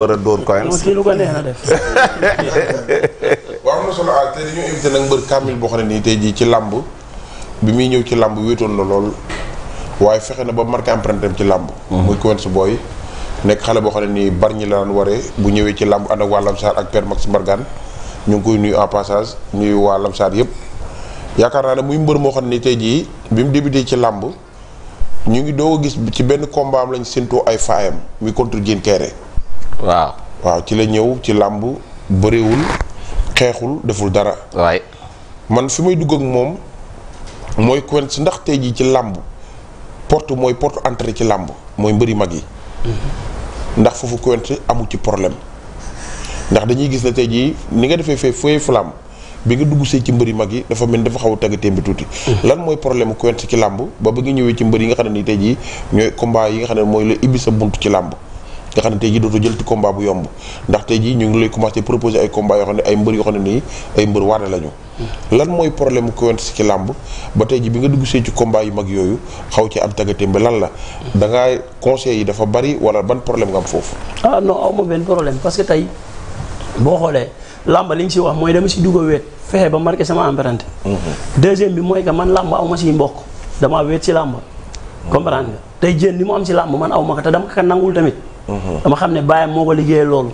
war a dóor coins. kii lu ko neex ah, nag mbër Kamil boo xam ne nii tey jii ci làmb bi muy ñëw ci làmb wéetoon la lool waaye fexe na ba marqué empreinte am ci làmb. Mhm. muy coins booy. nekk xale boo xam nii bari ñi la daan waree bu ñëwee ci làmb and ak waa Lamsaar ak Père Max Mbargane ñu ngi koy nuyu en passage nuyu waa Lamsaar yëpp. yaakaar naa ne muy mbër moo xam ne tey jii bi mu débuté ci làmb ñu ngi doog gis ci benn combat am lañ séentoo ay faayam muy contre waaw waaw ci la ñëw ci làmb bëriwul xeexul deful dara. waay man fi may dugg ak moom mooy Quench ndax tey jii ci làmb porte mooy porte entrée ci làmb mooy mbëri mag yi. Mhm. ndax foofu Quench amu ci problème ndax dañuy gis ne tey jii ni nga defee fee fooy flam bi nga dugg see ci mbëri mag yi dafa mel dafa xaw a taggatéem bi tuuti. Mhm. lan mooy problème mu ci làmb ba ba nga ñëwee ci mbër yi nga xam ne nii tey jii ñooy combat yi nga xam ne mooy la ibbi sa bunt ci làmb. nga xam ne tey jii dootoo jël ci combat bu yomb ndax tey jii ñu ngi lay commencé proposer ay combat yoo xam ne ay mbër yoo xam ne nii ay mbër waane lañu lan mooy problème Quench ci làmb ba tey ji bi la da ngaa conseils yi dafa bari wala ban problème nga am foofu ah non awma benn problème parce boo xoolee làmb li ñu si wax mooy dama si dugg a weet fexe ba marqué sama empreinte mhm. deuxième bi mooy que man làmb aw ma siy mbokk damaa weet si làmb mhm. comprendre nga tey jéen li mu am si làmb man aw ma te dama ko nangul tamit Mhm. dama xam ne bàyyam moo ko liggéeyee loolu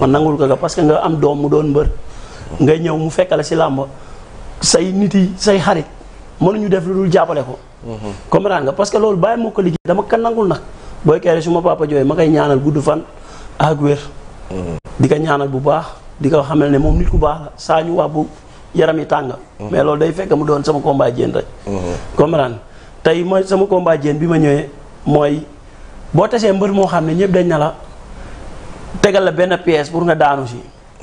man nangul ko nga parce que nga am doom mu doon mbër ngay ñëw mu fekkale si làmb say nit yi say xarit mënuñu def lu dul jàppale ko mhm. comprendre nga parce que loolu bàyyam moo ko liggéey dama kan nangul nag booy keere su ma papa jooy ma koy ñaanal gudd fan ak wér mhm. di ko ñaanal bu baax di ko xamal ne moom nit ku baax la saa ñu wax bu yaram yi tàng mais loolu day fekk mu doon sama combat jéen rek comprendre tey mooy sama combat bi ma ñëwee mooy boo tesee mbër moo xam ne ñëpp dañ na la tegal la benn pièce pour nga daanu si.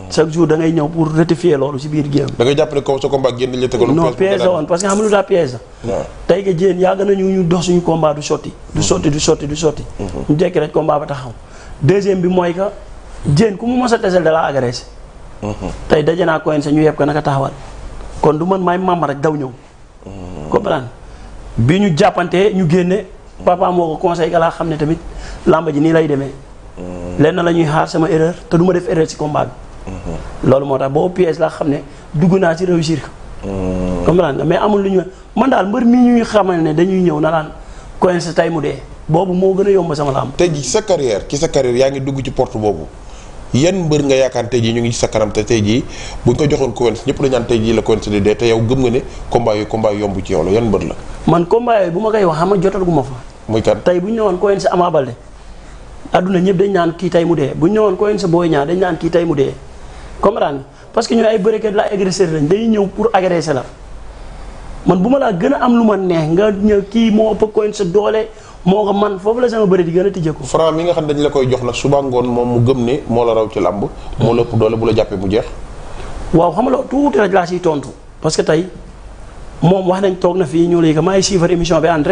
chaque jour da ngay ñëw pour rectifier loolu si biir géew. da ngay jàpp ne comme sa combat génn la tegal. non pièce la woon parce que xam nga lu tax pièce la. tey que jéen du mm-hmm. sotti. du sotti du sotti du mm-hmm. sotti. ñu jekki rek combat ba taxaw. deuxième bi mooy que jéen ku mu mos a tesel da laa agressé. Mm-hmm. tey daje naa koyoon sa ñu yeb ko naka taxawal. kon du man maay màmm rek daw ñëw. comprendre bi ñu jàppante ñu génne. papa moo ko conseil nga laa xam ne tamit làmba ji nii lay demee. lenn la ñuy xaar sama erreur te duma def erreur si combat bi. loolu moo tax boo piège laa xam ne dugg naa si réussir ko. comprendre nga mais amul lu ñu man daal mbër mii ñuy xamal ne dañuy ñëw na laan coince tay mu dee boobu moo gën a yomb sama làmb. tey ji sa carrière ci sa carrière yaa ngi dugg ci port boobu. yan mbër nga yaakaar tey jii ñu ngi ci te kanam te tey jii buñ ko joxoon Quench ñëpp dañu naan tey jii la Quench di te yow gëm nga ne combat yooyu combat yomb ci yow la yan mbër la. man combat yooyu bu ma koy wax xam nga jotal gu ma fa muy kan tey bu ñu ñëwoon Coins sa Ama Baldé adduna ñëpp dañ naan kii tey mu dee bu ñu ñëwoon Coins sa Boy ñaar dañ naan kii tey mu dee comprendre parce que ñun ay bërekat la agresseur lañ dañuy ñëw pour agresser la man bu ma laa gën a am lu ma neex nga ñëw kii moo ëpp Coins sa doole moo ko man foofu la sama bëri di gën a tijjeeku. Franc mi nga xam dañ la koy jox nag suba ngoon moom mu gëm ne moo la raw ci làmb moo la ëpp doole bu la jàppee mu jeex. waaw xam nga tuuti rek laa siy tontu parce que tey moom wax nañ toog na fii ñu léegi maa bi en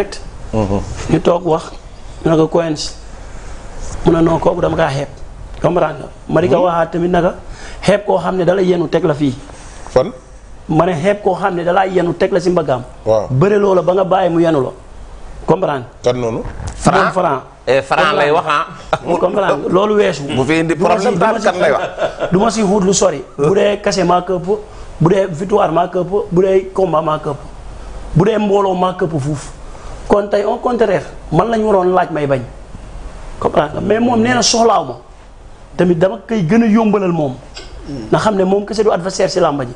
ñu toog wax ñu ne ko Coins mu ne non kooku dama kaa xeeb comprendre nga ma di hmm? tamit naka xeeb koo xam ne dala yenu teg la fii fan ma ne xeeb koo xam ne dalaa yenu teg la si mbaggaam waaw bëre ba nga bàyyi mu yenu la comprendre kan noonu franc franc eh, lay wax ah. comprendre loolu weesu bu fi indi ma si xuut lu sori bu dee kase maa këpp bu dee victoire maa këpp bu dee combat maa këpp bu dee mbooloo maa këpp fuuf kon tey au contraire man lañ waroon laaj may bañ comprendre nga mais moom nee na soxlaaw ma tamit dama koy gën a yombalal moom na xam ne moom kese du adversaire si làmba ji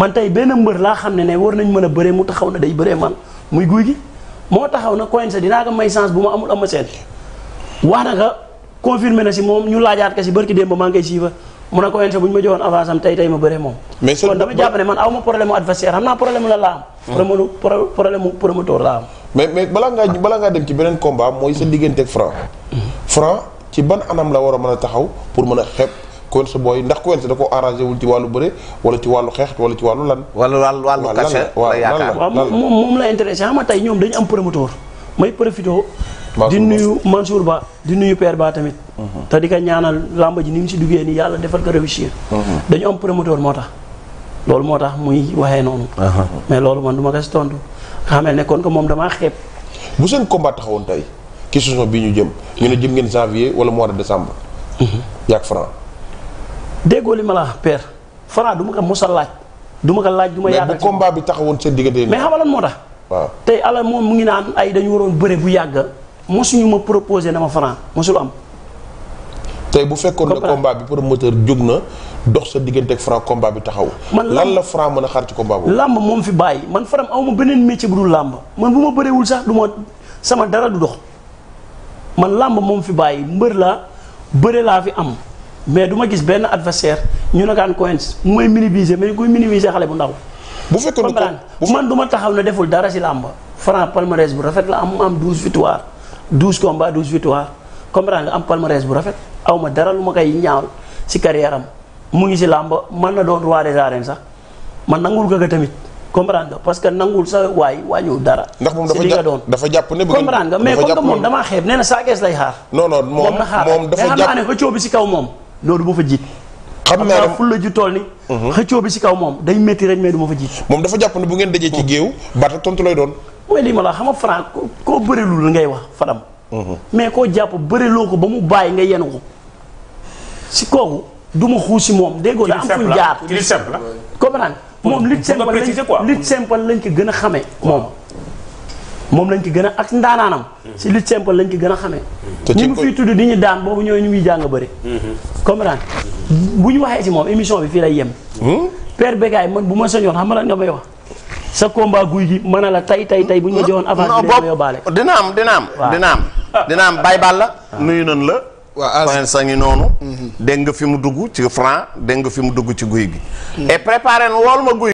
man tey benn mbër laa xam ne ne war nañ mën a bëree mu taxaw na day bëre man muy guy gi moo taxaw na coin sa dinaa ko may chance bu ma amul ama seen wax na a confirmé na si moom ñu laajaat ko si barki démb maa ngi koy siifa mu ne coin sa bu ñu ma joxoon avance am tey tey ma bëree moom kon dama promo problème mu promoteur la am. mais mais balaa ngaa balaa ngaa dem ci beneen combat mooy sa diggante ak Franc. Franc ci ban anam la war a mën a taxaw pour mën a xeeb Quench Boy ndax Quench da ko arrangé wul ci wàllu bëre wala ci wàllu xeex wala ci wàllu lan. wala wàllu wàllu kese la yaakaar moom moom la intéressé xam a tey ñoom dañu am promoteur may profité. di nuyu Mansour Ba di nuyu Père Ba tamit. Mhm. te di ko ñaanal làmb ji ni mu si duggee nii yàlla defal ko réussir. Mhm. dañu am promoteur moo tax. loolu moo tax muy waxee noonu. mais loolu man du ma ko si tontu nga xam ne ko moom damaa xeeb. bu seen combat taxawoon tey ci saison bi ñu jëm. ñu ne jëm ngeen janvier wala mois de décembre. Mhm. yàgg Franc. déggoo li ma la père Franc du ma ko mos a laaj. du ma ko laaj du ma yàgg mais bu combat bi taxawoon seen diggante mais xamal lan moo tax. waaw tey ala moom mu ngi naan ay dañu waroon bëre bu yàgg. mosuñu ma proposé na ma Franc mosul am. tey bu fekkoon ne combat bi promoteur jóg na dox sa diggante ak Franc combat bi taxaw. man lan la Franc mën a xaar ci combat boobu. làmb moom fi bàyyi man faram awma beneen métier bu dul làmb man bu ma bëreewul sax du ma sama dara du dox làmb moom fi bàyyi mbër laa bëre laa fi am mais du ma gis benn adversaire ñu ne gaan Coins mu may minimiser mais kuy minimiser xale bu ndaw. bu fekkoon ne man du ma taxaw ne deful dara si làmb Franc palmarès bu rafet la am am douze victoire douze combats douze comprendre nga am palmarès bu rafet aw ma dara lu ma koy ñaawal si kar am mu ngi si làmb man na doon roi des arènes sax man nangul ko tamit comprendre nga parce que nangul sa waay wàññiwul dara. ndax moom dafa jàpp dafa jàpp ne. comprendre nga mais comme que moom damaa xeeb nee na saa kees lay xaar. non si kaw moom loolu bu fa jiit. xam naa la tool ni mhm. xëccoo bi si kaw moom day métti fa jiit. dafa jàpp ne bu ngeen dajee ci mhm. géew. bata tontu lay doon. mooy lii ma la xam nga franc koo bërilul ngay wax fadam Mm-hmm. mais koo jàpp loo ko ba mu bàyyi nga yenu ko si kooku du ma si moom déggoo da am fu ñu jaar lutte simple comprendre moom lutte simple lañ lutte simple lañ ko gën a xamee moom moom lañ ko gën a ak ndaanaanam mm-hmm. si lutte simple lañ ko gën a xamee mm-hmm. ñi mu fii tudd di ñu daan boobu ñooy ñu ngi jàng bari comprendre bu ñu waxee si moom émission bi fii lay yem hmm? père Bécaye man bu ma sañoon xam nga lan nga may wax sa combat guy gi man a la tay tay tay bu ñu ma joxoon avance dina am dina am dina am dina am bay bal la nuyu nan la waaw sa ngi noonu mhm. dégg nga fi mu dugg ci franc dégg nga fi mu dugg ci guy gi et préparé na wool ma guy